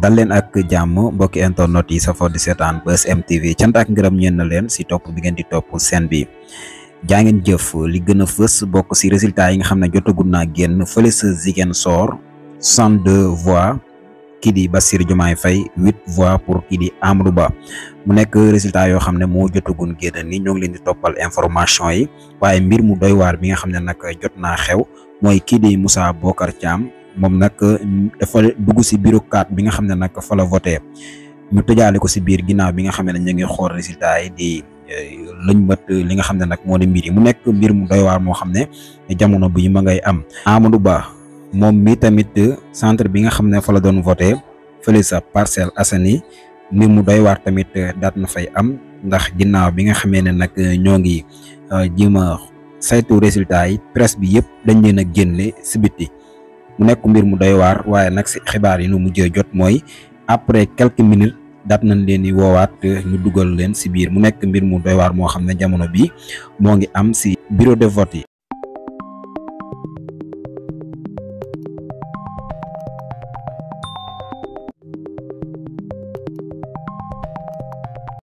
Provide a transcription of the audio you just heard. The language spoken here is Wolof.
dal leen ak jàmm mbokki internet yi safoo di seetaan Buzz M TV cant ak ngërëm ñeen na leen si topp bi ngeen di topp seen bi jaa ngeen jëf li gën a fës bokk si résultat yi nga xam ne jotagul naa génn fële sa Ziguinchor 62 voix kii di Bassirou Diomaye Faye 8 voix pour kii di Amadou Ba mu nekk résultat yoo xam ne moo jotagun génn ni ñoo ngi leen di toppal information yi waaye mbir mu doy waar bi nga xam ne nag jot naa xew mooy kii di Moussa Bocar Thiam mom nak euh, dafa dugg ci bureau 4 bi nga xamne nak fa la voté ñu tëjaale ci si biir bi nga xamne ñi ngi xor résultat yi di euh, lañ mat euh, li nga xamne nak nag mbir yi mu nek mbir mu doy war mo xamne jamono bu yima ngay am. Amadou Ba mom mi tamit centre bi nga xamne fa la doon voté fële sa parcel asani ni mu doy war tamit daat na fay am ndax ginaaw bi nga xamee nak ñongi jima saytu résultat yi presse bi dañ leena mu nekk mbir mu doy waar waaye nag si xibaar yi nu mujjee jot mooy après quelques minutes daat nañ leen di woowaat ñu dugal leen si biir mu nekk mbir mu doy waar moo xam ne jamono bi moo ngi am si bureau de vote yi